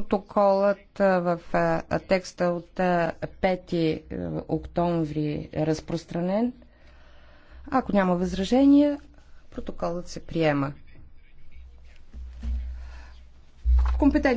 Протоколът в текста от 5 е, октомври е разпространен. Ако няма възражения, протоколът се приема. Компетент